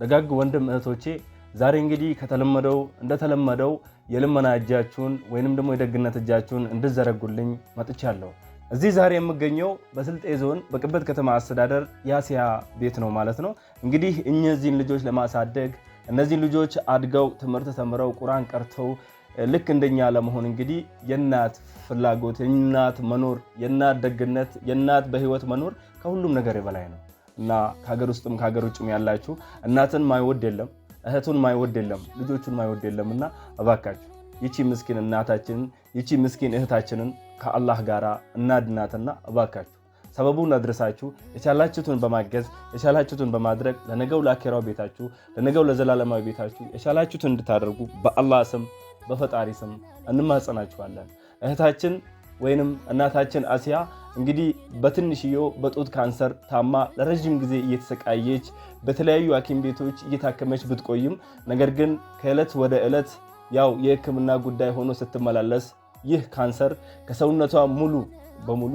ደጋግ ወንድም እህቶቼ ዛሬ እንግዲህ ከተለመደው እንደተለመደው የልመና እጃችሁን ወይንም ደግሞ የደግነት እጃችሁን እንድዘረጉልኝ መጥቻለሁ። እዚህ ዛሬ የምገኘው በስልጤ ዞን በቅበት ከተማ አስተዳደር የአሲያ ቤት ነው ማለት ነው። እንግዲህ እነዚህን ልጆች ለማሳደግ እነዚህን ልጆች አድገው ትምህርት ተምረው ቁራን ቀርተው ልክ እንደኛ ለመሆን እንግዲህ የእናት ፍላጎት፣ የእናት መኖር፣ የእናት ደግነት፣ የእናት በህይወት መኖር ከሁሉም ነገር የበላይ ነው። እና ከሀገር ውስጥም ከሀገር ውጭም ያላችሁ እናትን ማይወድ የለም፣ እህቱን ማይወድ የለም፣ ልጆቹን ማይወድ የለም። እና እባካችሁ ይቺ ምስኪን እናታችንን ይቺ ምስኪን እህታችንን ከአላህ ጋር እናድናትና እባካችሁ ሰበቡን አድረሳችሁ የቻላችሁትን በማገዝ የቻላችሁትን በማድረግ ለነገው ለአኬራው ቤታችሁ ለነገው ለዘላለማዊ ቤታችሁ የቻላችሁትን እንድታደርጉ በአላህ ስም በፈጣሪ ስም እንማጸናችኋለን። እህታችን ወይንም እናታችን አሲያ እንግዲህ በትንሽዮ በጡት ካንሰር ታማ ለረዥም ጊዜ እየተሰቃየች በተለያዩ ሐኪም ቤቶች እየታከመች ብትቆይም ነገር ግን ከዕለት ወደ ዕለት ያው የሕክምና ጉዳይ ሆኖ ስትመላለስ ይህ ካንሰር ከሰውነቷ ሙሉ በሙሉ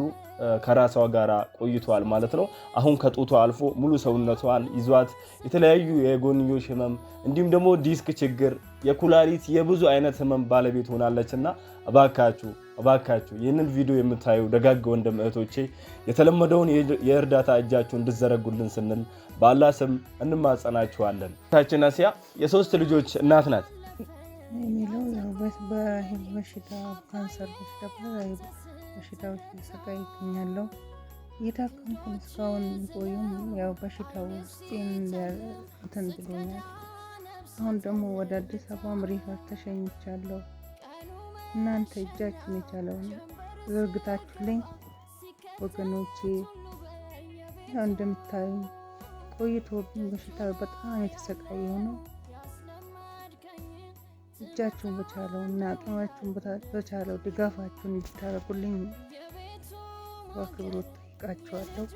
ከራሷ ጋር ቆይቷል ማለት ነው። አሁን ከጡቷ አልፎ ሙሉ ሰውነቷን ይዟት የተለያዩ የጎንዮሽ ህመም እንዲሁም ደግሞ ዲስክ ችግር፣ የኩላሊት የብዙ አይነት ህመም ባለቤት ሆናለች እና እባካችሁ እባካችሁ ይህንን ቪዲዮ የምታዩ ደጋግ ወንድም እህቶቼ የተለመደውን የእርዳታ እጃችሁ እንድዘረጉልን ስንል በአላ ስም እንማጸናችኋለን። ታችን አሲያ የሶስት ልጆች እናት ናት። በሽታዎች ተሰቃይ ይገኛለሁ። እየታከምኩ እስካሁን ቆዩም ያው በሽታው ውስጤን እንትን ብሎኛል። አሁን ደግሞ ወደ አዲስ አበባ ሪፈር ተሸኝቻለሁ። እናንተ እጃችሁን የቻለውን ዘርግታችሁልኝ ወገኖቼ፣ ያው እንደምታዩ ቆይቶብኝ በሽታው በጣም የተሰቃየ ነው። እጃችሁን በቻለው እና አቅማችሁን በቻለው ድጋፋችሁን እንድታደርጉልኝ በአክብሮት ጠይቃችኋለሁ።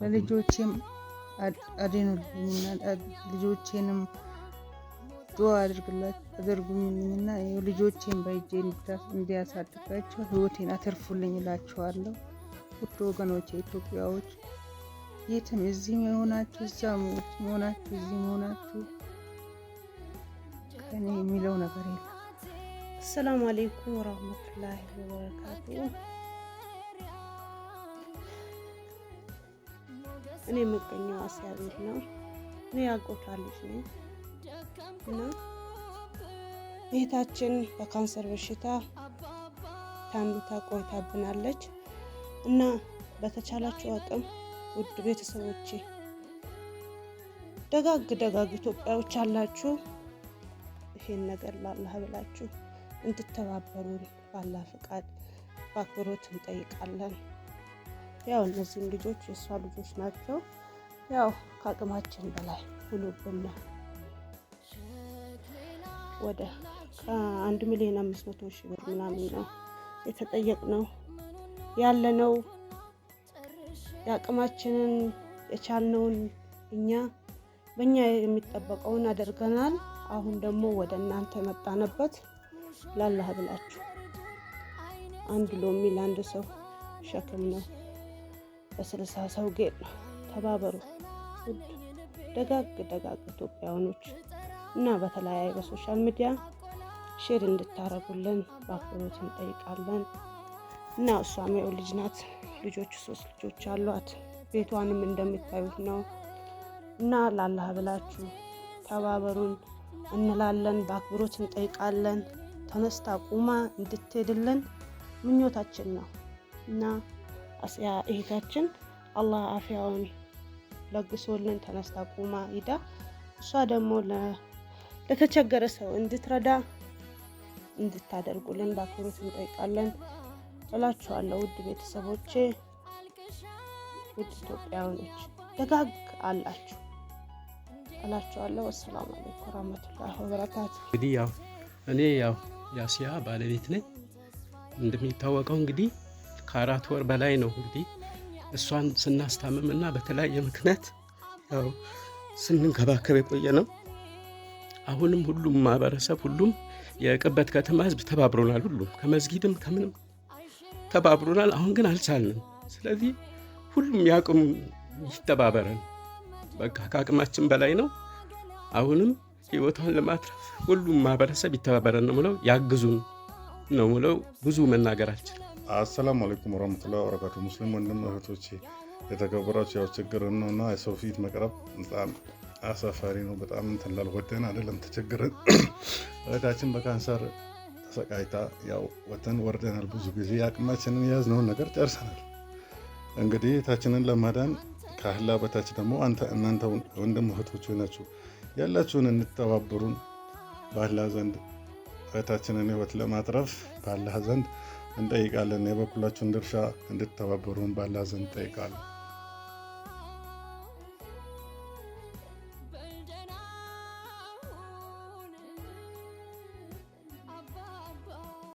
ለልጆቼም አድኑልኝና ልጆቼንም ዱዓ አድርጉልኝና ልጆቼን በእጄ እንዲያሳድጋቸው ህይወቴን አትርፉልኝ እላችኋለሁ። ውድ ወገኖቼ ኢትዮጵያዎች፣ የትም እዚህ መሆናችሁ እዛ መሆናችሁ እዚህ መሆናችሁ አመስገን የሚለው ነገር የለም። አሰላሙ አሌይኩም ወራህመቱላሂ ወበረካቱ። እኔ የምገኘው አስያ ቤት ነው። እኔ ያቆታለች ነኝ እና እህታችን በካንሰር በሽታ ታምታ ቆይታብናለች እና በተቻላችሁ አቅም ውድ ቤተሰቦቼ ደጋግ ደጋግ ኢትዮጵያዎች አላችሁ ይሄን ነገር ለአላህ ብላችሁ እንድተባበሩን ባላህ ፍቃድ በአክብሮት እንጠይቃለን። ያው እነዚህም ልጆች የእሷ ልጆች ናቸው። ያው ከአቅማችን በላይ ሁሉብና ወደ አንድ ሚሊዮን አምስት መቶ ሺህ ብር ምናምን ነው የተጠየቅነው ያለነው የአቅማችንን የቻልነውን እኛ በእኛ የሚጠበቀውን አድርገናል። አሁን ደግሞ ወደ እናንተ መጣነበት ላላህ ብላችሁ አንድ ሎሚ ለአንድ ሰው ሸክም ነው፣ በስልሳ ሰው ጌጥ ነው። ተባበሩ ውድ ደጋግ ደጋግ ኢትዮጵያውያኖች እና በተለያዩ በሶሻል ሚዲያ ሼር እንድታረጉልን በአክብሮት እንጠይቃለን። እና እሷም የው ልጅ ናት። ልጆቹ ሶስት ልጆች አሏት። ቤቷንም እንደምታዩት ነው እና ላላህ ብላችሁ ተባበሩን። እንላለን፣ በአክብሮት እንጠይቃለን። ተነስታ ቁማ እንድትሄድልን ምኞታችን ነው እና አስያ እህታችን አላህ አፊያውን ለግሶልን ተነስታ ቁማ ሂዳ እሷ ደግሞ ለተቸገረ ሰው እንድትረዳ እንድታደርጉልን በአክብሮት እንጠይቃለን እላችኋለሁ። ውድ ቤተሰቦቼ፣ ውድ ኢትዮጵያውያኖች ደጋግ አላችሁ። እላቸዋለሁ። ወሰላም አለይኩም ረመቱላ ወበረካቱ። እንግዲህ ያው እኔ ያው ያሲያ ባለቤት ነኝ። እንደሚታወቀው እንግዲህ ከአራት ወር በላይ ነው እንግዲህ እሷን እና በተለያየ ምክንያት ያው ስንንከባከብ የቆየ ነው። አሁንም ሁሉም ማህበረሰብ ሁሉም የቅበት ከተማ ህዝብ ተባብሮናል። ሁሉም ከመዝጊድም ከምንም ተባብሮናል። አሁን ግን አልቻልንም። ስለዚህ ሁሉም ያቅሙ ይተባበረን። በቃ ከአቅማችን በላይ ነው። አሁንም ህይወቷን ለማትረፍ ሁሉም ማህበረሰብ ይተባበረን ነው ምለው፣ ያግዙን ነው ምለው። ብዙ መናገር አልችልም። አሰላሙ አለይኩም ወረህመቱላሂ ወበረካቱ። ሙስሊም ወንድም እህቶቼ የተከበራችሁ፣ ያው ችግር ነው እና የሰው ፊት መቅረብ በጣም አሳፋሪ ነው። በጣም እንትን ወደን አይደለም ተቸግረን እህታችን በካንሰር ተሰቃይታ ያው ወተን ወርደናል። ብዙ ጊዜ አቅማችንን የያዝነውን ነገር ጨርሰናል። እንግዲህ እህታችንን ለማዳን ከአህላ በታች ደግሞ እናንተ ወንድም እህቶች ናችሁ ያላችሁን እንተባበሩን። በአላህ ዘንድ እህታችንን ህይወት ለማትረፍ በአላህ ዘንድ እንጠይቃለን። የበኩላችሁን ድርሻ እንድተባበሩን በአላህ ዘንድ እንጠይቃለን።